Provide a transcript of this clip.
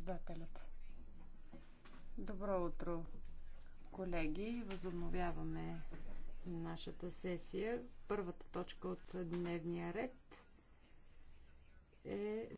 председателят. Добро утро, колеги. Възобновяваме нашата сесия. Първата точка от дневния ред